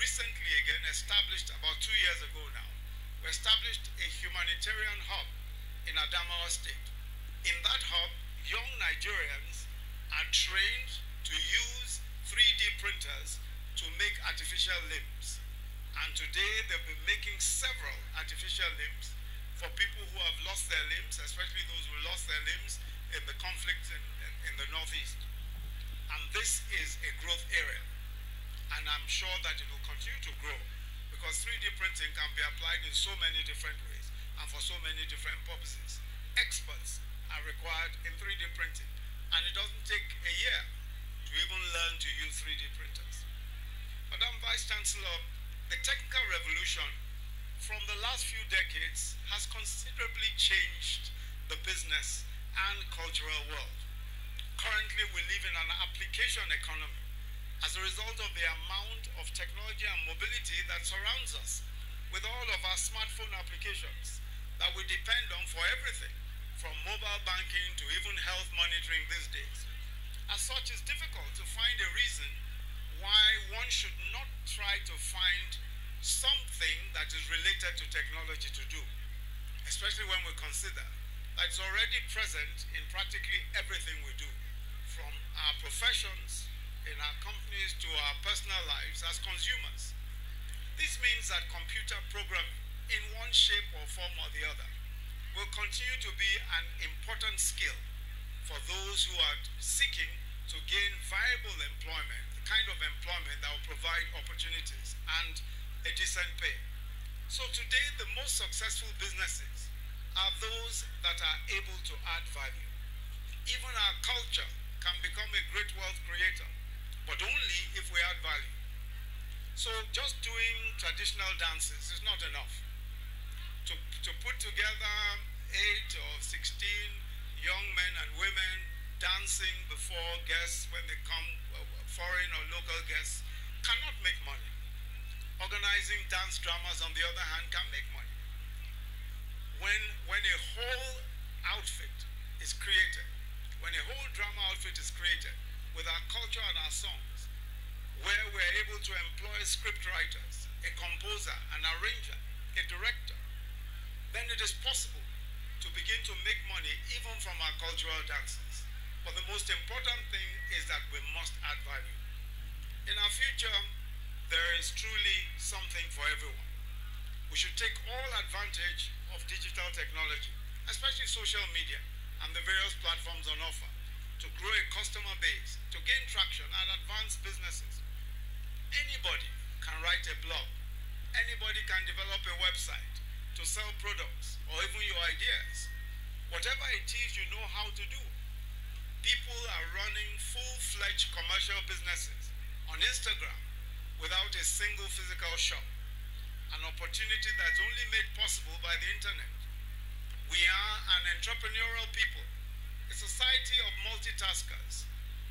recently again established, about two years ago now, we established a humanitarian hub in Adamawa State. In that hub, young Nigerians are trained to use 3D printers to make artificial limbs. And today they've been making several artificial limbs for people who have lost their limbs, especially those who lost their limbs in the conflict in, in, in the Northeast. And this is a growth area and I'm sure that it will continue to grow because 3D printing can be applied in so many different ways and for so many different purposes. Experts are required in 3D printing and it doesn't take a year to even learn to use 3D printers. Madam Vice Chancellor, the technical revolution from the last few decades has considerably changed the business and cultural world. Currently, we live in an application economy as a result of the amount of technology and mobility that surrounds us with all of our smartphone applications that we depend on for everything, from mobile banking to even health monitoring these days. As such, it's difficult to find a reason why one should not try to find something that is related to technology to do, especially when we consider that it's already present in practically everything we do, from our professions in our companies to our personal lives as consumers. This means that computer programming, in one shape or form or the other, will continue to be an important skill for those who are seeking to gain viable employment, the kind of employment that will provide opportunities and a decent pay. So today, the most successful businesses are those that are able to add value. Even our culture can become a great wealth creator but only if we add value. So just doing traditional dances is not enough. To, to put together eight or 16 young men and women dancing before guests when they come, uh, foreign or local guests, cannot make money. Organizing dance dramas, on the other hand, can make money. When, when a whole outfit is created, when a whole drama outfit is created, culture and our songs, where we're able to employ script writers, a composer, an arranger, a director, then it is possible to begin to make money even from our cultural dances. But the most important thing is that we must add value. In our future, there is truly something for everyone. We should take all advantage of digital technology, especially social media and the various platforms on offer to grow a customer base, to gain traction and advance businesses. Anybody can write a blog. Anybody can develop a website to sell products or even your ideas. Whatever it is you know how to do. People are running full-fledged commercial businesses on Instagram without a single physical shop. An opportunity that's only made possible by the internet. We are an entrepreneurial people society of multitaskers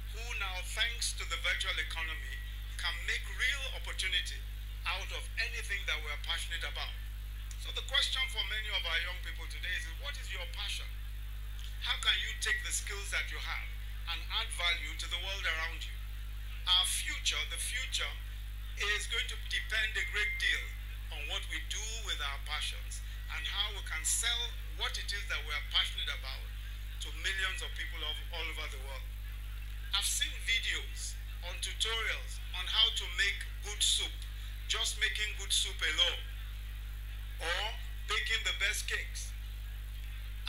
who now, thanks to the virtual economy, can make real opportunity out of anything that we're passionate about. So the question for many of our young people today is, what is your passion? How can you take the skills that you have and add value to the world around you? Our future, the future, is going to depend a great deal on what we do with our passions and how we can sell what it is that we are passionate about to millions of people all over the world. I've seen videos on tutorials on how to make good soup, just making good soup alone, or baking the best cakes.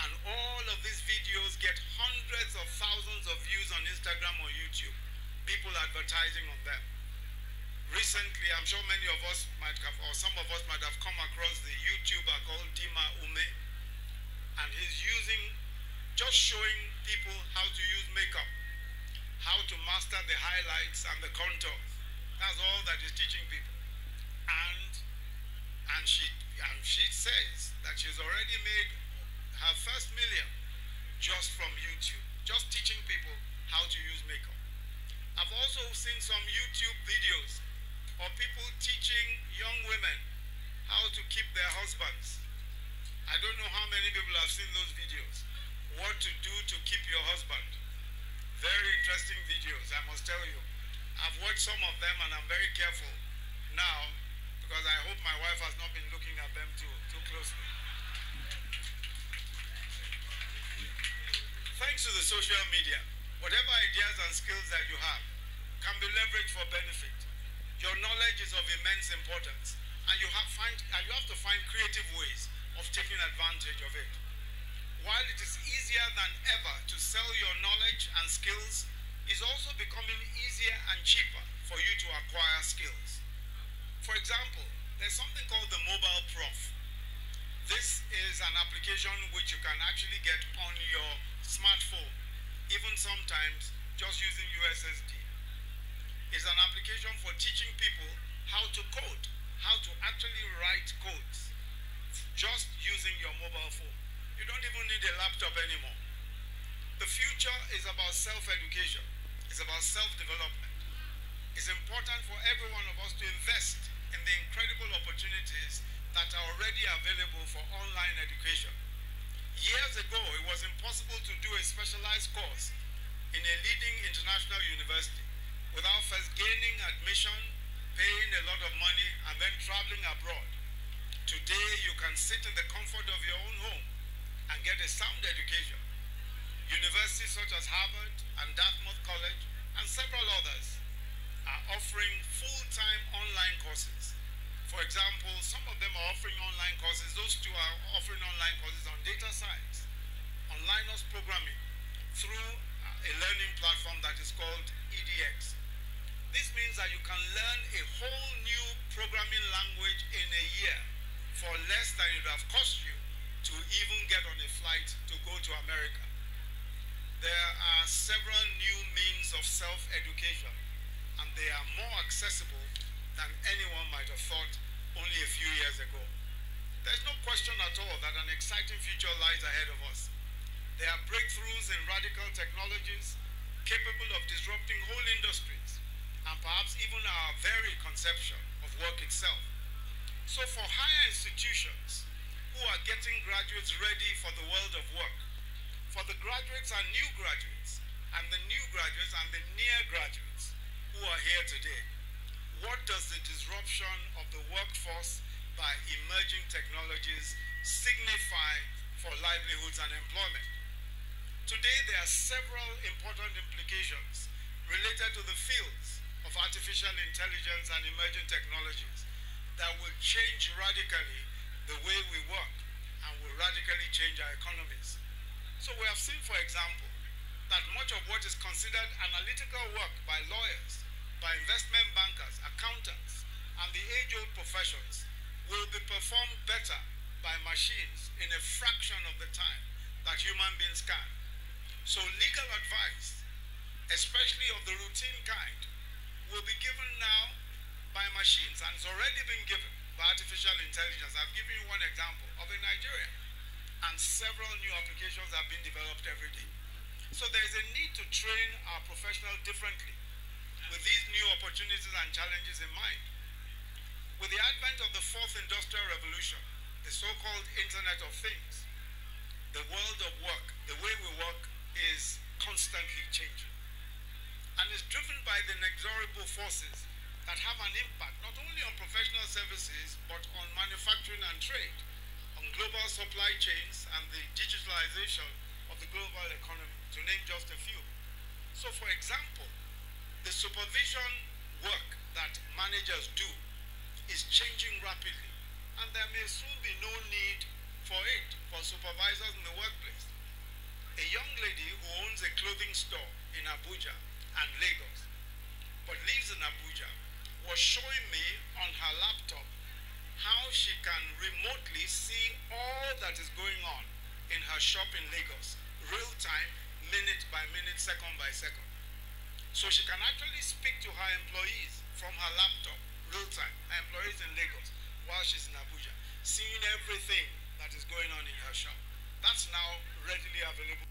And all of these videos get hundreds of thousands of views on Instagram or YouTube, people advertising on them. Recently, I'm sure many of us might have, or some of us might have come across the YouTuber called Dima Ume, and he's using just showing people how to use makeup, how to master the highlights and the contours. That's all that is teaching people. And and she and she says that she's already made her first million just from YouTube, just teaching people how to use makeup. I've also seen some YouTube videos of people teaching young women how to keep their husbands. I don't know how many people have seen those videos what to do to keep your husband. Very interesting videos, I must tell you. I've watched some of them and I'm very careful now because I hope my wife has not been looking at them too, too closely. Thanks to the social media, whatever ideas and skills that you have can be leveraged for benefit. Your knowledge is of immense importance and you have, find, and you have to find creative ways of taking advantage of it while it is easier than ever to sell your knowledge and skills, is also becoming easier and cheaper for you to acquire skills. For example, there's something called the Mobile Prof. This is an application which you can actually get on your smartphone, even sometimes just using USSD. It's an application for teaching people how to code, how to actually write codes, just using your mobile phone. You don't even need a laptop anymore. The future is about self-education. It's about self-development. It's important for every one of us to invest in the incredible opportunities that are already available for online education. Years ago, it was impossible to do a specialized course in a leading international university without first gaining admission, paying a lot of money, and then traveling abroad. Today, you can sit in the comfort of your own home and get a sound education. Universities such as Harvard and Dartmouth College and several others are offering full-time online courses. For example, some of them are offering online courses. Those two are offering online courses on data science, on Linux programming, through a learning platform that is called EDX. This means that you can learn a whole new programming language in a year for less than it would have cost to go to America. There are several new means of self-education, and they are more accessible than anyone might have thought only a few years ago. There's no question at all that an exciting future lies ahead of us. There are breakthroughs in radical technologies capable of disrupting whole industries and perhaps even our very conception of work itself. So for higher institutions, who are getting graduates ready for the world of work. For the graduates and new graduates, and the new graduates and the near graduates who are here today, what does the disruption of the workforce by emerging technologies signify for livelihoods and employment? Today, there are several important implications related to the fields of artificial intelligence and emerging technologies that will change radically the way we work and will radically change our economies. So we have seen, for example, that much of what is considered analytical work by lawyers, by investment bankers, accountants, and the age-old professions will be performed better by machines in a fraction of the time that human beings can. So legal advice, especially of the routine kind, will be given now by machines and has already been given by artificial intelligence. I've given you one example of a Nigerian, and several new applications are being developed every day. So there is a need to train our professionals differently with these new opportunities and challenges in mind. With the advent of the fourth industrial revolution, the so-called Internet of Things, the world of work, the way we work is constantly changing and is driven by the inexorable forces that have an impact not only on professional services but on manufacturing and trade, on global supply chains and the digitalization of the global economy, to name just a few. So for example, the supervision work that managers do is changing rapidly and there may soon be no need for it for supervisors in the workplace. A young lady who owns a clothing store in Abuja and Lagos but lives in Abuja was showing me on her laptop how she can remotely see all that is going on in her shop in Lagos, real time, minute by minute, second by second. So she can actually speak to her employees from her laptop, real time, her employees in Lagos, while she's in Abuja, seeing everything that is going on in her shop. That's now readily available.